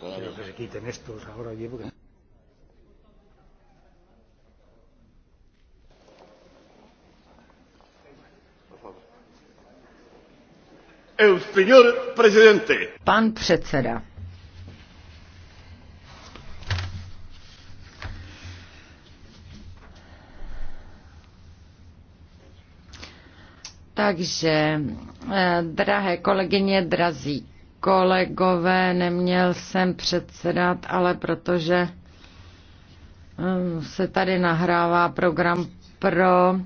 Quiero que se quiten estos ahora allí porque... El señor presidente. Pan předseda. Takže, eh, drahé kolegyně, drazí kolegové, neměl jsem předsedat, ale protože um, se tady nahrává program pro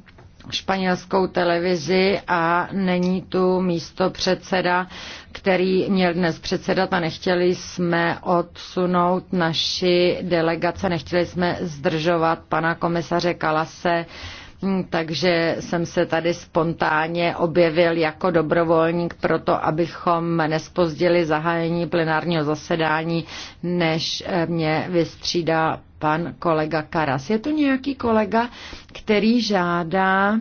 španělskou televizi a není tu místo předseda, který měl dnes předsedat a nechtěli jsme odsunout naši delegace, nechtěli jsme zdržovat pana komisaře Kalase Hm, takže jsem se tady spontánně objevil jako dobrovolník proto, abychom nespozdili zahájení plenárního zasedání, než eh, mě vystřídá pan kolega Karas. Je tu nějaký kolega, který žádá...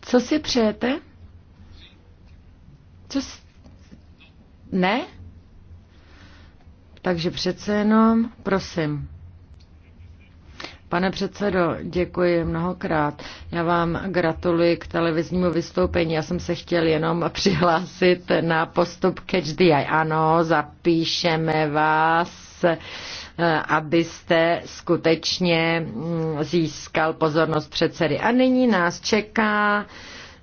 Co si přejete? Co si... Ne? Takže přece jenom, prosím. Pane předsedo, děkuji mnohokrát. Já vám gratuluji k televiznímu vystoupení. Já jsem se chtěl jenom přihlásit na postup Catch the Eye. Ano, zapíšeme vás eh, abyste skutečně mm, získal pozornost předsedy. A nyní nás čeká